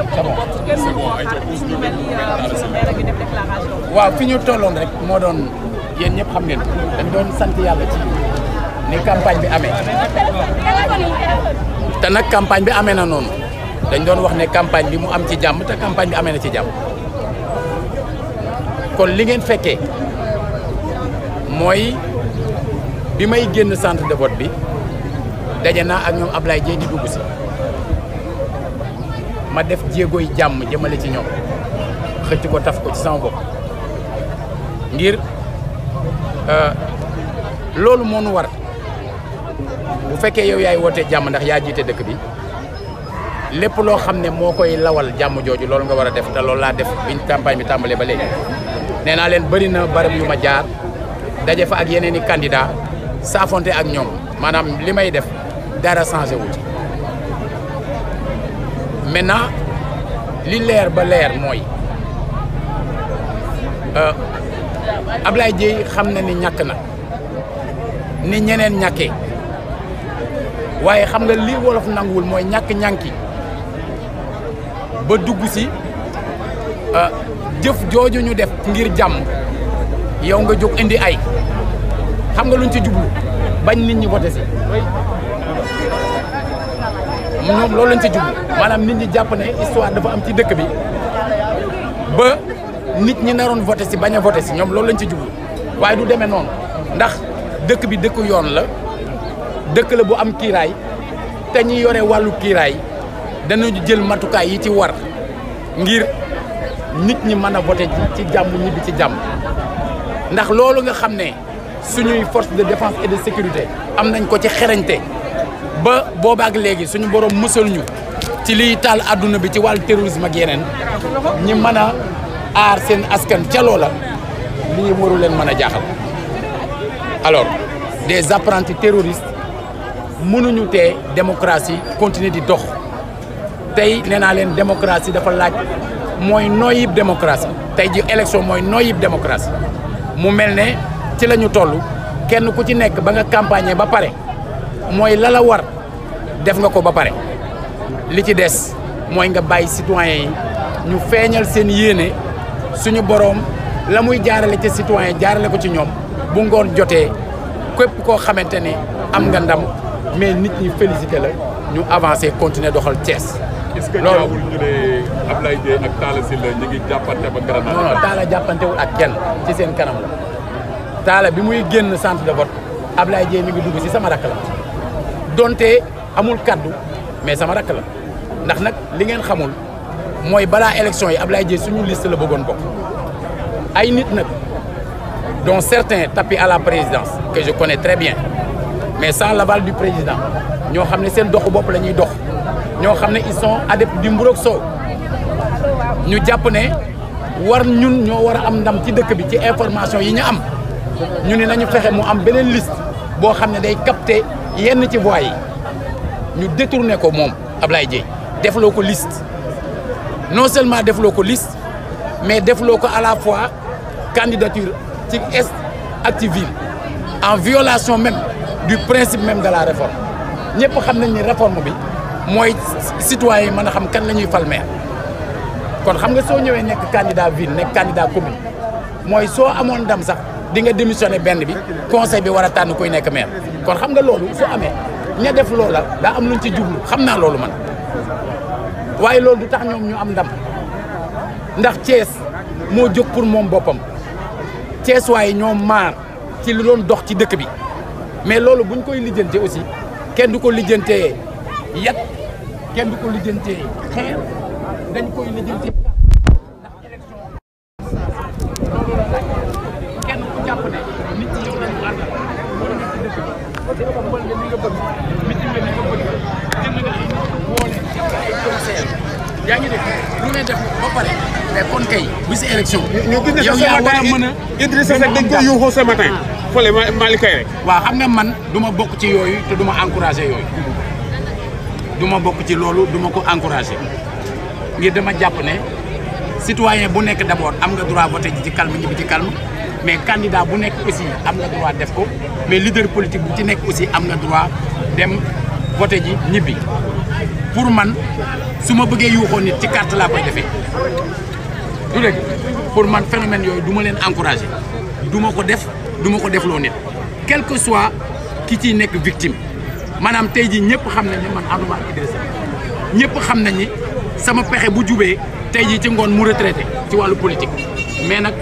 ñëpp euh, waaw fi ñu tolloon rek moo doon yéen ñëpp xam ngeen dañ doon sant yàlla ci ni campagne bi amee te nag campagne bi amee na noonu dañ doon wax ne campagne bi mu am ci jàmm te campagne bi amee na ci jàmm kon li ngeen fekkee mooy bi may génn sant de bi daje naa ak ñoom ab lay Dieye di dugg si. ma def jéegoy jàmm jëmale ci ñoom xëcc ko taf ko ci sama bopp ngir euh, loolu moo nu war bu fekkee yow yaay wootee jàmm ndax yaa jiite dëkk bi lépp loo xam ne moo koy lawal jàmm jooju loolu nga war a def te loolu laa def biñ campagne bi tàmbalee ba léegi nee naa leen bëri na barab yu ma jaar daje ak yeneen i candidat saafonte ak ñoom maanaam li may def dara changé ci maintenant li leer ba leer mooy euh, Ablaye Dieye xam na ni ñàkk na ni ñeneen ñàkkee waaye xam nga li wolof nanguwul mooy ñàkk-ñànki ba dugg si euh, jëf jooju ñu def ngir jàmm yow nga jóg indi ay xam nga luñ ci jublu bañ nit ñi voté si ñoom loolu lañ ci jublu maanaam nit ñi jàpp ne histoire dafa am ci dëkk bi ba nit ñi naroon voté si bañ a voté si ñoom loolu lañ ci jublu waaye du demee noonu ndax dëkk bi dëkku yoon la dëkk la bu am kiiraay te ñi yore wàllu kiiraay danañu jël matukaay yi ci war ngir nit ñi mën a voté ci jàmm ñibbi ci jàmm ndax loolu nga xam ne suñuy force de défense et de sécurité am nañ ko ci xerañte ba boobaak léegi suñu borom mësal ñu ci liy taal àdduna bi ci wàllu terrorisme ak yeneen ñi mën a aar seen askan ca loola lii waru leen mën a jaaxal alors des apprentis terroristes mënuñu te démocratie continuer di dox tey nee naa leen démocratie dafa laaj mooy noyyib démocratie tey ji élection mooy noyyib démocratie mu mel ne ci la ñu toll kenn ku ci nekk ba nga campagner ba pare mooy lala war def nga ko ba pare li ci des mooy nga bàyyi citoyen yi ñu feeñal seen yéene suñu boroom la muy jaarale ca citoyen jaarale ko ci ñoom bu ngoon jotee képp koo xamante ni am ngandam ndam mais nit ñi félicité la ñu avancé continuer doxal Thiès. est-ce que ñaawul ñu ne Ablaye Dieye ak Talla Sylla ñu ngi jàppante ba garabaat. non non Talla jàppantewul ak kenn ci seen kanam la Talla bi muy génn centre de bot ab Ablaye Dieye mi ngi dugg si sama rakk la. donte amul kaddu mais sama rakk la ndax nag li ngeen xamul mooy balaa élection yi Ablaye Dièye suñu liste la bëggoon bokk ay nit nag donc certains tapis à la présidence que je connais très bien mais sans l'aval du président ñoo xam ne seen doxu bopp la ñuy dox ñoo xam ne ils sont adeptes du mburoog soow ñu jàpp ne war ñun ñoo war a am ndam ci dëkk bi ci information yi ñu am ñu ne nañu fexe mu am beneen list boo xam ne day capter yenn ci voies yi ñu détourné ko moom Ablaye Dièye defloo ko liste non seulement defloo ko liste mais defloo ko à la fois candidature ci est ak ci ville en violation même du principe même de la réforme ñëpp xam nañ ni réforme bi mooy citoyens yi mën a xam kan la ñuy fal kon xam nga soo ñëwee nekk candidat ville ne candidat commune mooy soo amoon ndam sax di nga démissionné benn bi conseil bi war a tànn koy nekk maire kon xam nga loolu su amee ña def la daa am luñ ci jublu xam naa loolu man waaye loolu du tax ñoom ñu am ndam ndax cees moo jóg pour moom boppam Thiès waaye ñoom maar ci lu doon dox ci dëkk bi mais loolu buñ koy lijjante aussi kenn du ko lijjante yat kenn du ko lijjantee xeer dañ koy lijjante bu si élection. yow yaa war a mën a Idrissa Seck dañ ko yuuxoo ce matin. fële Malick rek. waaw xam nga man duma bokk ci yooyu te duma ma encouragé yooyu du ma bokk ci loolu duma ma ko encouragé ngir dama jàpp ne citoyen bu nekk d' abord am nga droit voté ji ci calme ñibbi ci calme mais candidat bu nekk aussi am nga droit def ko mais leader politique bu ci nekk aussi am nga droit dem voté ji ñibbi pour man su ma bëggee yuuxoo nit ci carte laa koy defee. du dégg pour man phénomène yooyu duma leen encouragé du ma ko def duma ko defloo nit quelque que soit ki ciy nekk victime maanaam tey jii ñëpp xam nañ man ànduma ak Idrissa ñëpp xam nañ ni sama pexe bu jubee tey jii ci ngoon mu retraité ci wàllu politique mais nag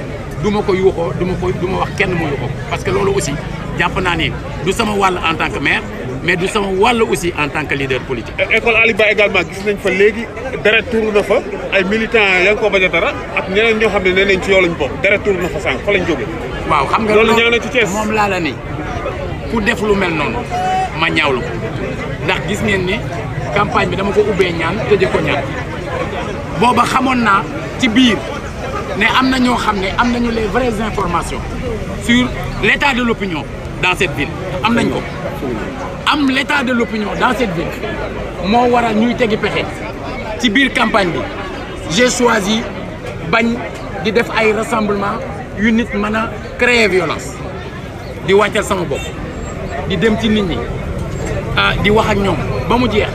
du ma ko yuuxoo du ma ko du ma wax kenn mu yuuxoo parce que loolu aussi jàpp naa ni du sama wàll en tant que mais du sama wàll aussi en tant que leader politique. école Aliba également gis nañ fa léegi deret tuuru na fa ay militants yaa ngi ko bañ a dara ak ñeneen ñoo xam ne nee nañ ci yow lañ bokk deret tuuru na fa sànq fa lañ jógee. waaw xam nga loolu ñëw na ci Thiès moom laa la ne ku def lu mel noonu ma ñaawlu ko ndax gis ngeen ni campagne bi dama ko ubbee ñaan tëje ko ñaan booba xamoon naa ci biir ne am na ñoo xam ne am nañu les vraies informations sur l'état de l'opinion dans cette am nañ ko. am l'état de l'opinion dans cette ville moo waral ñuy tegi pexe ci biir campagne bi j'ai yi bañ di def ay rassemblement yu nit mën a créer violence di wàccal sama bopp di dem ci nit ñi ah, di wax ak ñoom ba mu jeex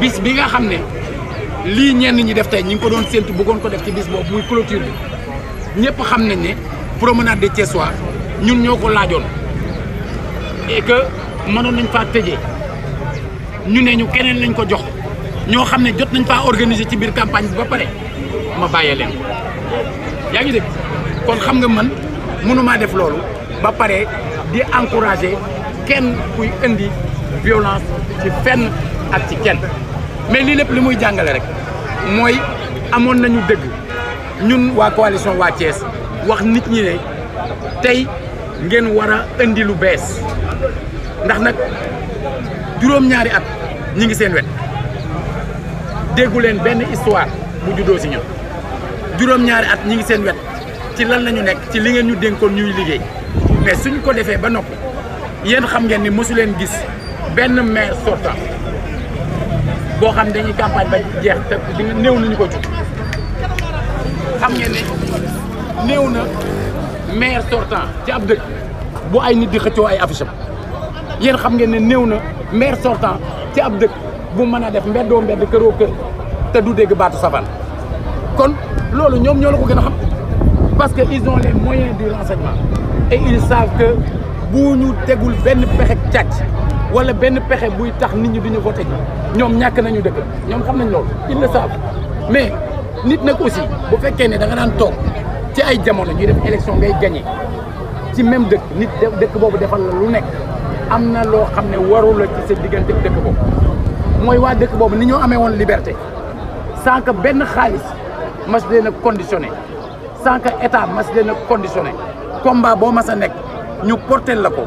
bis bi nga xam ne lii ñenn ñi def tey ñi ngi ko doon séntu bëggoon ko def ci bis boobu muy clôture bi ñëpp xam nañ ne promenade de Thiessois ñun ñoo ko laajoon et mënoon nañu faa tëjee ñu ne ñu keneen lañ ko jox ñoo xam ne jot nañ faa organiser ci biir campagne bi ba pare ma bàyyee leen yaa ngi dégg kon xam nga man mënumaa def loolu ba pare di encourager kenn kuy indi violence ci fenn ak ci kenn mais lii lépp li muy jàngale rek mooy amoon nañu dëgg ñun waa coalition waa Thiès wax nit ñi ne tey ngeen war a indi lu bees ndax nag juróom-ñaari at ñi ngi seen wet déggu leen benn histoire bu juddoo si ñun juróom-ñaari at ñi ngi seen wet ci lan lañu nekk ci li ngeen ñu dénkoon ñuy liggéey mais suñ ko defee ba noppi yéen xam ngeen ni mosu leen gis benn maire sortant boo xam ne dañuy campagne ba jeex te di néew nañu ko jug xam ngeen ne néew na maire sortant ci ab dëkk bu ay nit di xëccoo ay affiche yéen xam ngeen ne néew na maire sortant ci ab dëkk bu mën a def mbeddoo mbedd këroo kër te du dégg baatu safan kon loolu ñoom ñoo la ko gën a xam parce que ils ont les moyens du renseignement et ils savent que bu ñu tegul benn pexe càcc wala benn pexe buy tax nit ñi duñu voté ji ñoom ñàkk nañu dëkk ñoom xam nañ loolu ils le savent mais nit nekk aussi bu fekkee ne da nga daan toog ci ay jamono ñuy def élection ngay gañe ci même dëkk nit dëkk boobu defal la lu nekk am na loo xam ne waru la ci sa diggante dëkk boobu mooy waa dëkk boobu ni ñoo amee woon liberté sans benn xaalis mas leen a conditionné sans que état mas leen a conditionné combat boo mas a nekk ñu porté la ko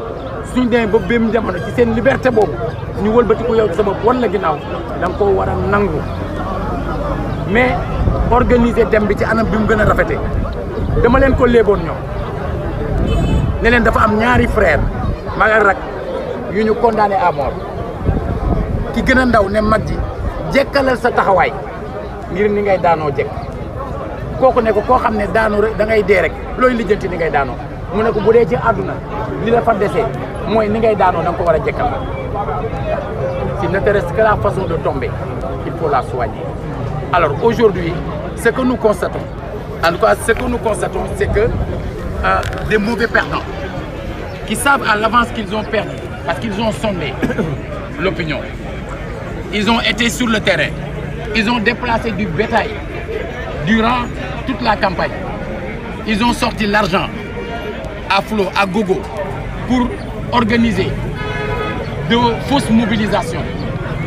suñu demee ba bém jamono ci seen liberté boobu ñu wëlbati ko yow ci sa bopp wan la ginnaaw da nga koo war a nangu mais organiser dem bi ci anam bi mu gën a rafete dama leen ko léeboon ñoom ne dafa am ñaari frère magal rak yu ñu condamné à mort ki gën a ndaw ne mag ji jekkalal sa taxawaay ngir ni ngay daanoo jekk kooku ne koo xam ne daanu da ngay dee rek looy lijjanti ni ngay daanoo mu ne ko bu dee ci àdduna ni la fa desee mooy ni ngay daanoo da ko war a jekkal s'il n'intéresse que la façon de tomber il faut la soigner alors aujourd'hui ce que nous constatons en tout cas ce que c'est que euh, des mauvais perdants qui savent à l'avance qu'ils ont perdu parce qu'ils ont sondé l'opinion. Ils ont été sur le terrain. Ils ont déplacé du bétail durant toute la campagne. Ils ont sorti l'argent à flot, à gogo, pour organiser de fausses mobilisations,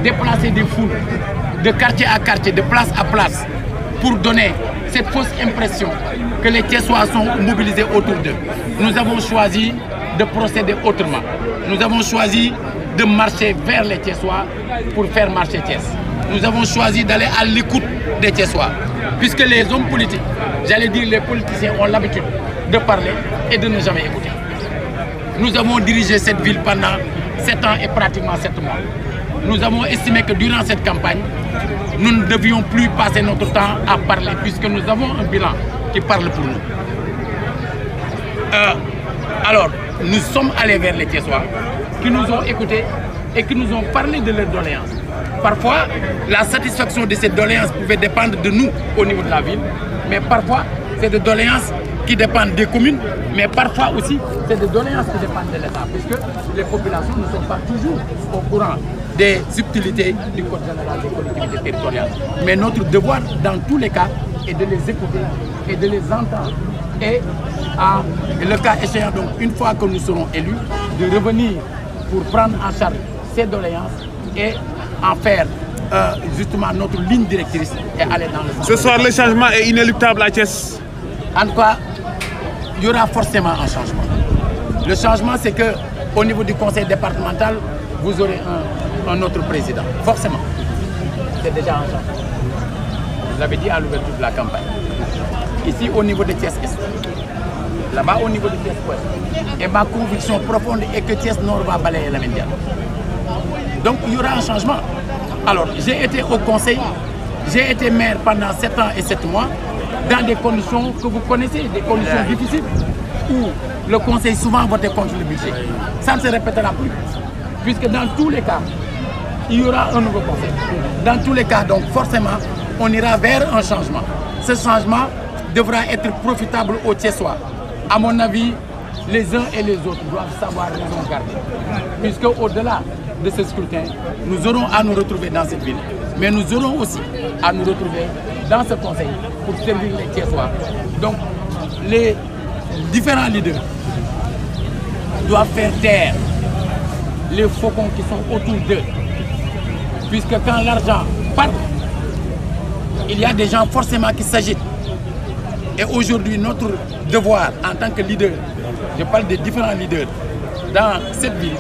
déplacer des foules de quartier à quartier, de place à place, pour donner cette fausse impression que les Thiessois sont mobilisés autour d'eux. Nous avons choisi de procéder autrement. Nous avons choisi de marcher vers les Thiessois pour faire marcher Thiès. Nous avons choisi d'aller à l'écoute des Thiessois, puisque les hommes politiques, j'allais dire les politiciens, ont l'habitude de parler et de ne jamais écouter. Nous avons dirigé cette ville pendant 7 ans et pratiquement 7 mois. Nous avons estimé que durant cette campagne, nous ne devions plus passer notre temps à parler, puisque nous avons un bilan qui parle pour nous. Euh, Alors, nous sommes allés vers les Thiessois qui nous ont écoutés et qui nous ont parlé de leurs doléances. Parfois, la satisfaction de ces doléances pouvait dépendre de nous au niveau de la ville, mais parfois, c'est doléances qui dépendent des communes, mais parfois aussi, c'est des doléances qui dépendent de l'État, puisque les populations ne sont pas toujours au courant des subtilités du Code général des collectivités territoriales. Mais notre devoir, dans tous les cas, est et à ah, et le cas échéant donc une fois que nous serons élus de revenir pour prendre en charge ces doléances et en faire euh, justement notre ligne directrice et aller dans le sens. Ce soir le changement est inéluctable à Thiès. En tout cas, il y aura forcément un changement. Le changement c'est que au niveau du conseil départemental, vous aurez un un autre président, forcément. C'est déjà un changement. Je l'avais dit à l'ouverture de la campagne. ici au niveau de Thiès Est là-bas au niveau de Thiès Ouest et ma conviction profonde est que Thiès Nord va balayer Lamine Diallo donc il y aura un changement alors j'ai été au conseil j'ai été maire pendant sept ans et sept mois dans des conditions que vous connaissez des conditions difficiles où le conseil souvent votait contre le budget ça ne se répétera plus puisque dans tous les cas il y aura un nouveau conseil dans tous les cas donc forcément on ira vers un changement ce changement devra être profitable aux Thiessois. À mon avis, les uns et les autres doivent savoir raison garder. Puisque au-delà de ce scrutin, nous aurons à nous retrouver dans cette ville. Mais nous aurons aussi à nous retrouver dans ce conseil pour servir les Thiessois. Donc, les différents leaders doivent faire taire les faucons qui sont autour d'eux. Puisque quand l'argent part, il y a des gens forcément qui s'agitent. Et aujourd'hui, notre devoir en tant que leader, je parle des différents leaders dans cette ville,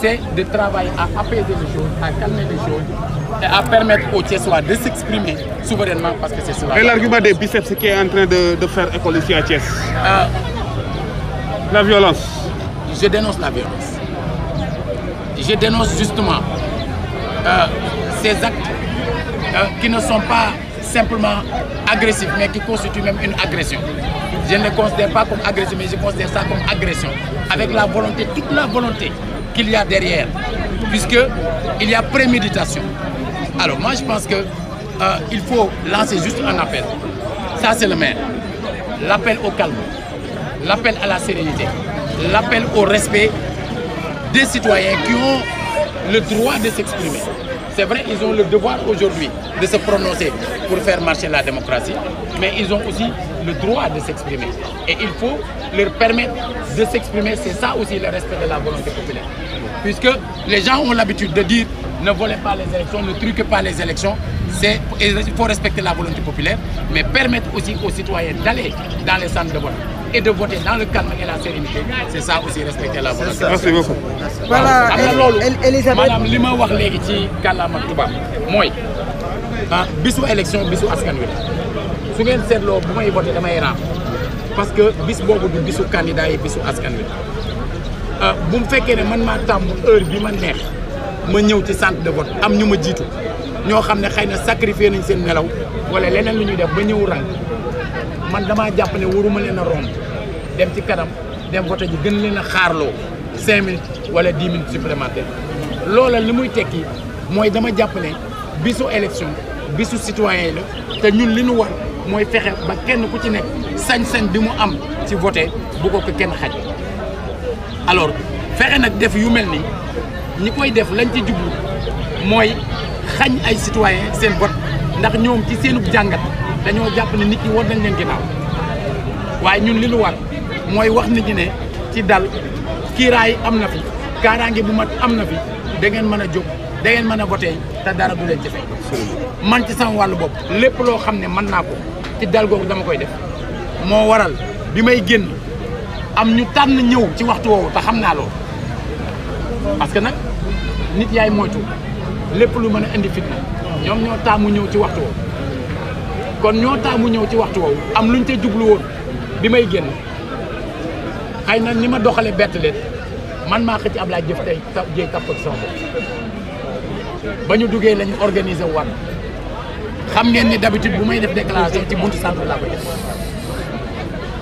c'est de travailler à apaiser les choses, à calmer les choses à permettre aux Thiessois de s'exprimer souverainement parce que c'est cela. Et l'argument euh, La violence. Je dénonce la violence. justement euh, ces actes euh, qui ne sont pas simplement agressif, mais qui constitue même une agression. Je ne le considère pas comme agression, mais je considère ça comme agression, avec la volonté, toute la volonté qu'il y a derrière, puisque il y a préméditation. Alors moi, je pense que euh, il faut lancer juste un appel. Ça, c'est le maire. L'appel au calme, l'appel à la sérénité, l'appel au respect des citoyens qui ont le droit de s'exprimer. C'est vrai, ils ont le devoir aujourd'hui de se prononcer pour faire marcher la démocratie, mais ils ont aussi le droit de s'exprimer. Et il faut leur permettre de s'exprimer. C'est ça aussi le respect de la volonté populaire. Puisque les gens ont l'habitude de dire ne volez pas les élections, ne truquez pas les élections, c'est il faut respecter la volonté populaire, mais permettre aussi aux citoyens d'aller dans les centres de vote et de voter dans le calme et la sérénité. C'est ça aussi respecter la volonté. Merci beaucoup. Voilà, am na loolu maanaam li ma wax léegi ci kàllaama tubaab mooy ah bisu élection bisu askan wi la su ngeen seetloo bu may voté damay raam parce que bis boobu du bisu candidat yi bisu askan wi la ah, bu mu fekkee ne man maa tàmm bi ma neex ma ñëw ci centre de vote am ñu ma jiitu. ñoo xam ne xëy na sacrifié nañ seen nelaw wala leneen lu ñuy def ba ñëw rang man damaa jàpp ne waruma leen a romb dem ci kanam dem vote ji gën leen a xaarloo cinq minutes wala dix minutes supplémentaire loola li muy tekki mooy dama jàpp ne bisu élection bisu yi la te ñun li ñu war mooy fexe ba kenn ku ci nekk sañ-sañ bi mu am ci vote bu ko kenn xaj alors fexe nag def yu mel ni ñi koy def lañ ci jublu mooy xañ ay citoyen seen bot ndax ñoom ci seenub jàngat dañoo jàpp ne nit ñi war nañ leen ginnaaw waaye ñun li lu war mooy wax nit ñi ne ci dal kiiraay am na fi kaaraange bu mat am na fi da ngeen mën a jóg da ngeen mën a voté te dara du leen jafe man ci sama wàllu bopp lépp loo xam ne mën naa ko ci dal googu dama koy def moo waral bi may génn am ñu tànn ñëw ci waxtu woowu te xam naa loolu parce que nag nit yaay moytu lépp lu mën a indi fitna ñoom ñoo taamu ñëw ci waxtu woowu kon ñoo taamu ñëw ci waxtu woowu am luñ ca jublu woon bi may génn xëy na ni ma doxale bett leen man maa xëcc Ablaye jëf tey jéeg kàpp ak sama bopp ba ñu duggee lañu organiser war xam ngeen ni d'habitude bu may def déclaration ci buntu centre laa ko def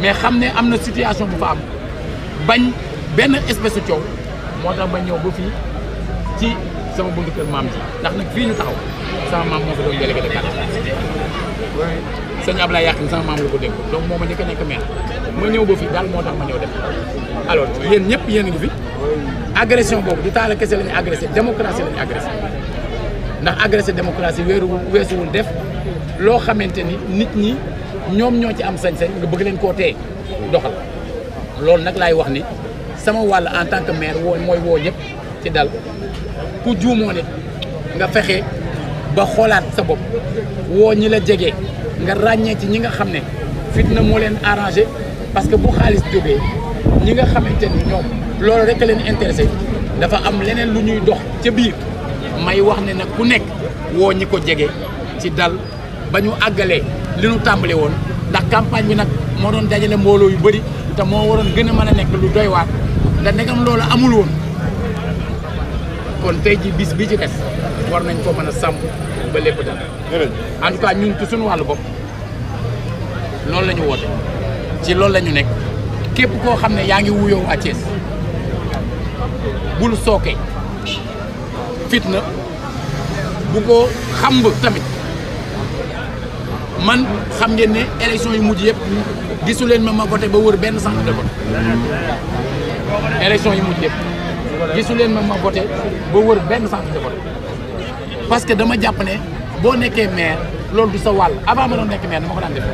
mais xam ne am na situation bu fa am bañ benn espèce de coow moo tax ba ñëw ba fii ci sama buntu kër maam ji ndax nag fii ñu taxaw sama maam moo fi doon délégué de quartier sëñ Ablaye Yaqin sama maam la ko dégg donc moo ma njëkk a nekk maire ma ñëw ba fii daal moo tax ma ñëw dem alors yéen ñëpp yéen a ngi fi agression boobu du taal kese la ñu agressé démocratie la ñu agressé ndax agressé démocratie weeruwul weesuwul def loo xamante ni nit ñi ñoom ñoo ci am sañ-sañ nga bëgg leen koo téye doxal loolu nag laay wax ni sama wàll en tant que maire woo mooy woo ñëpp ci dal ku juumoo ne nga fexe ba xoolaat sa bopp woo ñi la jege nga ràññee ci ñi nga xam ne fitna moo leen arrangé parce que bu xaalis jógee ñi nga xamante ni ñoom loolu rek leen intéressé dafa am leneen lu ñuy dox ca biir may wax ne nag ku nekk woo ñi ko jege ci dal ba ñu àggalee li ñu tàmbale woon ndax campagne bi nag moo doon dajale mbooloo yu bëri te moo waroon gën a mën a nekk lu doy waat ndax ndegam loolu amul kon tey ji bis bi ci des war nañ koo mën a sàmm ba lépp dal en tout cas ñun ci suñu wàllu bopp loolu lañu ñu ci loolu la ñu nekk képp koo xam ne yaa ngi wuyoo à Thiès bul sooke fitna bu ko xamb tamit man xam ngeen ne élection yu mujj yëpp gisu leen ma ma voté ba wër benn centre de vote élection yu mujj yëpp gisu leen ma ma voté ba wër benn centre de parce que dama jàpp ne boo nekkee maire loolu du sa wàll avant ma doon nekk maire dama ko daan def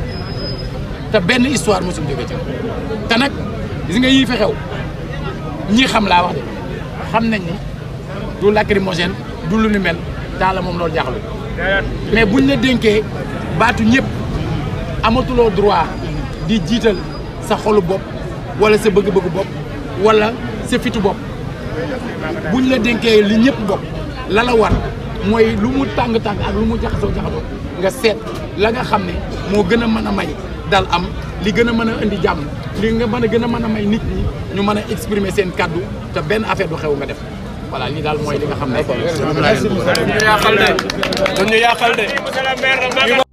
te benn histoire mosul jóge ci te nag gis nga yii fi ñii xam laa wax xam nañ ni du lacrymogène du lu ni mel daal moom loolu jaaxlu mais buñ la dénkee baatu ñëpp amatuloo droit di jiital sa xolu bopp wala sa bëgg-bëggu bopp walla sa fitu bopp buñ la dénkee li ñëpp bokk la la war mooy lu mu tàng-tàng ak lu mu jaxasoo jaxasoo nga seet la nga xam ne moo gën a mën a may dal am li gën a mën a indi jàmm li nga mën a gën a mën a may nit ñi ñu mën a exprimer seen kàddu te benn affaire du xew nga def voilà lii daal mooy li nga xam ne. ñu yàqal de ñu yàqal de.